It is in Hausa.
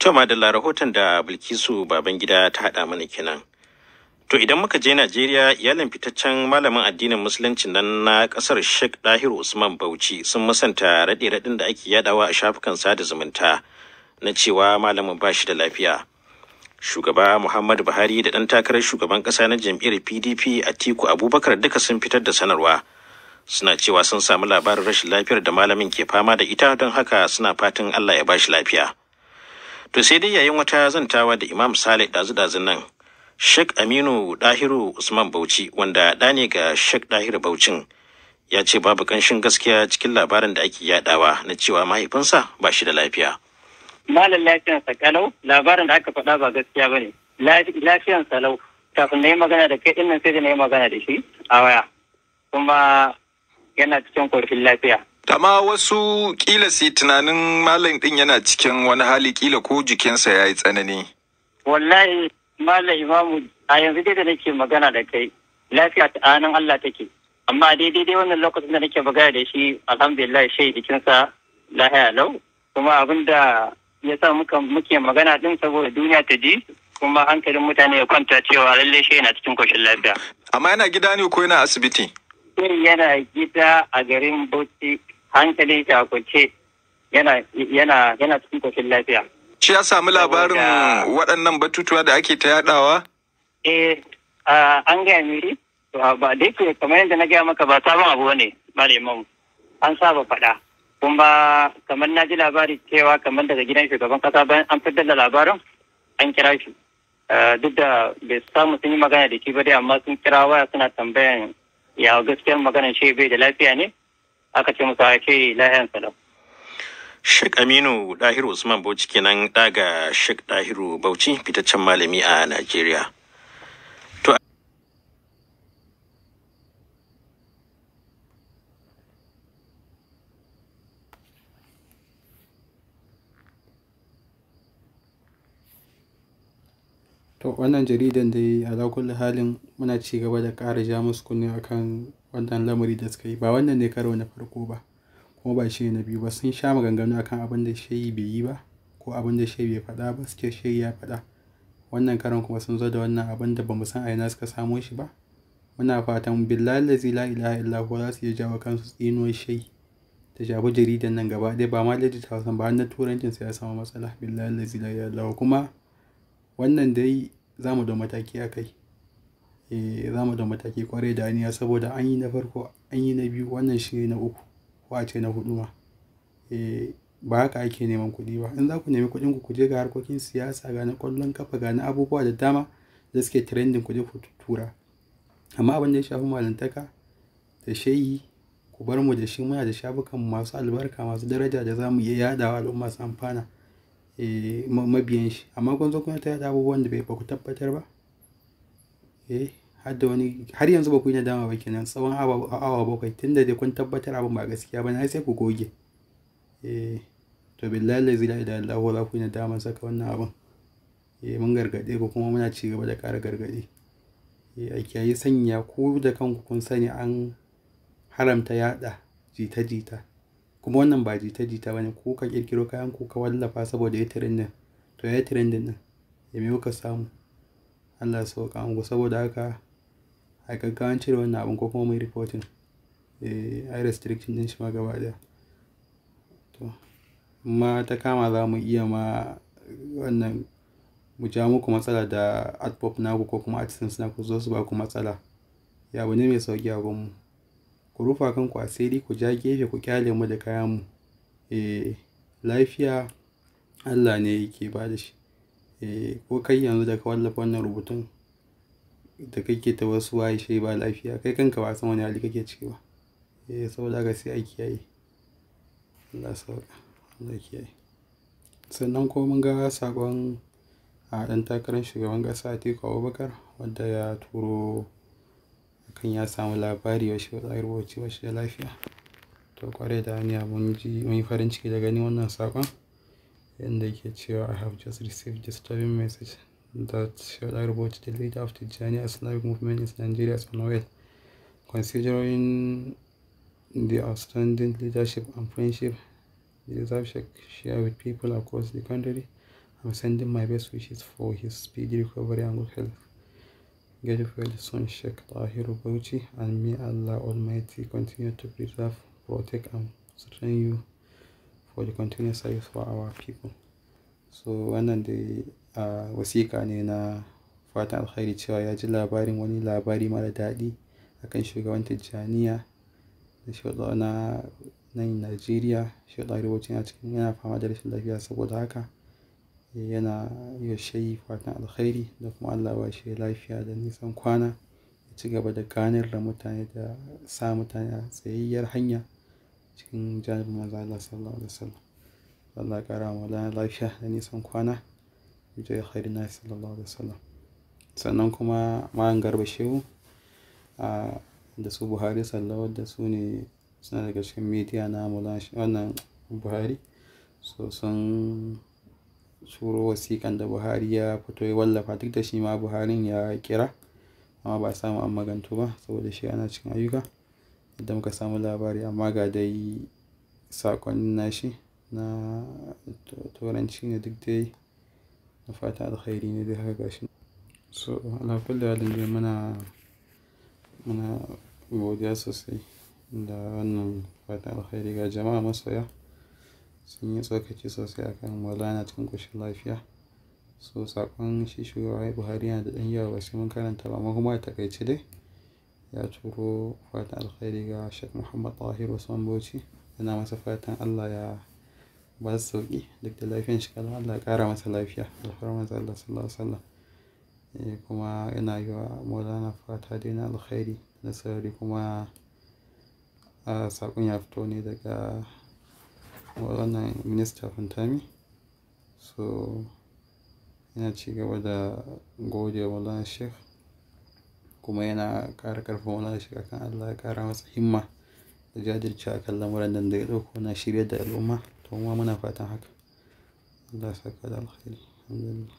To Madalla rahoton da Bilkisu Babangida ta haɗa mana kenan. To idan muka je Najeriya iyalin fitaccen malamin addinin musulunci nan na ƙasar Sheikh Dahiru Usman Bauchi sun musanta raɗe-raɗin da ake yadawa a shafukan sada zumunta na cewa malamin ba shi da lafiya. Shugaba Muhammadu Buhari da ɗan takarar shugaban ƙasa na jam'iyyar PDP a Atiku Abubakar duka sun fitar da sanarwa. Suna cewa sun samu labarin rashin lafiyar da malamin ke fama da ita don haka suna fatan Allah ya ba shi lafiya. to sai dai yayin wata zantawa da imam sale dazu-dazun nan Sheikh Aminu Dahiru Usman Bauchi wanda ɗa ne ga Sheikh Dahiru Bauchin ya ce babu ƙanshin gaskiya cikin labarin da ake yadawa na cewa mahaifinsa ba shi da lafiya. Malam lafiyan kalau labarin da aka faɗa ba gaskiya ba ne. lafiyan lau kafin na yi magana da kai ɗin nan sai da na yi magana da shi a waya. Kuma yana cikin ƙorfin lafiya. Tama wasu kila su tunanin malam din yana cikin wani hali kila ko jikinsa ya yi tsanani. Wallahi malam imamu a yanzu dai da nake magana da kai lafiya ta anan Allah take. Amma daidai dai wannan lokacin da nake magana da shi alhamdulillah shai jikinsa lahiya lau. Kuma abin da ya sa muke magana din saboda duniya ta ji kuma hankalin mutane ya kwanta cewa lallai shi yana cikin koshin lafiya. Amma yana gida ne ko yana asibiti? Yana gida a garin Bauchi hankali shi a yana yana yana cikin koshin lafiya shi ya samu labarin waɗannan batutuwa da ake ta yaɗawa? eh an gaya miri ba yake kamar yadda na gaya maka ba sabon abu ne malamin an saba faɗa kuma kamar na ji labari cewa kamar daga gidan shugaban kasa bayan an fitar da labarin an kira shi duk da bai samu sun yi magana da shi ba dai amma sun kira waya suna tambayan ya gaskiyar magana shi bai da lafiya ne aka ce musa ya lahiyan salam Sheikh Aminu Dahiru Usman Bauchi kenan daga Sheikh Dahiru Bauchi fitaccen malami a Najeriya. to wannan jaridan dai a kulli halin muna ci gaba da ƙara ja musu kunne akan wannan lamari da suka yi ba wannan ne karo na farko ba kuma ba shi na biyu ba sun sha maganganu akan abin da shehi bai yi ba ko abin da shehi bai faɗa ba suke shehi ya faɗa wannan karon kuma sun zo da wannan abin da bamu san aina suka samo shi ba muna fatan billahi lazi la ilaha illa huwa za su iya jawo kansu tsino shehi ta shafi jaridan nan gaba ɗaya ba ma ta tausan ba na turancin sai ya samu matsala billahi lazi la ilaha illa kuma wannan dai za mu da mataki a kai Eh, za mu da mataki kwarai da aniya saboda an yi na farko an yi na biyu wannan shi na uku ko a ce na hudu ma eh, ba haka ake neman kuɗi ba in za ku nemi kuɗin ku ku je ga harkokin siyasa ga na kwallon kafa ga na abubuwa da dama da suke trending ku ku tura amma abin da ya shafi malantaka da shayi ku bar mu da shi muna da shafukan masu albarka masu daraja da za mu iya yadawa al'umma su amfana eh, mabiyan shi amma kun zo kuna ta yada abubuwan da bai ba ku tabbatar ba eh har da wani har yanzu ba ku yi nadama ba kenan tsawon awa bakwai tun dai kun tabbatar abin ba gaskiya ba na sai ku goge eh to billahi la ilaha illa Allah wala ku yi nadama saka wannan abin eh mun gargade ku kuma muna ci gaba da ƙara gargade eh a kiyaye sanya ko da kanku kun sani an haramta yada jita jita kuma wannan ba jita jita ne ko ka kirkiro kayan ku ka wallafa saboda ya trendin to ya trendin din ya me kuka samu Allah ya sauka ango saboda haka a gaggawan cire wannan abin ko kuma mai reporting eh ai restriction din shi ma gaba daya to ma ta kama za mu iya ma wannan mu ja muku matsala da adpop ku ko kuma artisans ku zo su ba ku matsala ya bane mai sauki a mu ku rufa kanku asiri ku ja gefe ku kyale mu da kayan mu eh lafiya Allah ne yake ba da shi eh ko kai yanzu da ka wallafa wannan rubutun da kake ta wasu waye ba lafiya kai kanka ba san wani hali kake ciki ba eh saboda haka sai a kiyaye Allah sauka Allah kiyaye sannan ko mun ga sakon a dan takarar shugaban ƙasa Atiku Abubakar wanda ya turo kan ya samu labari wa shi wata rubuci wa shi lafiya to kware da hanya mun ji mun farin ciki da gani wannan sakon in the get here i have just received a disturbing message that should robot the leader of the Jani islamic movement in nigeria is unaware considering the outstanding leadership and friendship he deserves to share with people across the country i'm sending my best wishes for his speedy recovery and good health get well soon sheikh tahir Bauchi, and may allah almighty continue to preserve protect and strengthen you for the continuous service for our people so wannan da a wasiƙa ne na fatan alkhairi cewa ya ji labarin wani labari mara daɗi akan shugaban tijjaniya da shugaba na najeriya shugaba arewacin a cikin yana fama da rashin lafiya saboda haka yana shayi fatan alkhairi da kuma allah ba shi lafiya da nisan kwana ya ci gaba da ganar da mutane da sa mutane a tsayayyar hanya cikin jami'in maza Allah sallallahu alaihi wasallam Allah ƙara wa lafiya da nisan kwana bijiyar khairu na sallallahu alaihi wasallam sannan kuma mayan garba shehu da su buhari sallawar da su ne suna daga cikin media na wannan buhari so sun shuro wasiƙan da buhari ya fito ya wallafa duk da shi ma buharin ya kira amma ba a samu an maganto ba saboda shi ana cikin ayyuka da muka samu labari amma ga dai sakon nashi na turanci ne duk dai na fata alkhairi ne dai haka gashi so ala da halin dai muna muna godiya sosai da wannan fata alkhairi ga jama'a masoya sun yi tsokaci sosai a kan maulana cikin kushin lafiya so sakon shi shugaba buhari yana da ɗan yawa ba sai mun karanta ba amma kuma a takaice dai ya turo fatan alkhairi ga Sheikh Muhammad Tahir Wasu Bauchi yana masa fatan Allah ya ba su sauki duk da lafiyan shi kalma Allah ya kara masa lafiya alfarman Allah sallallahu eh, kuma yana yi wa Maulana fata daina na alkhairi da sarari kuma a sakon ya fito ne daga wannan minista Fantami so yana ci gaba da gode wa Maulana kuma yana ƙara ƙarfafa wani da shiga kan Allah ya ƙara masa himma da jajirce a kan lamuran nan da ya ɗauko na shirya da al'umma to muna fatan haka Allah ya saka da alkhairi alhamdulillah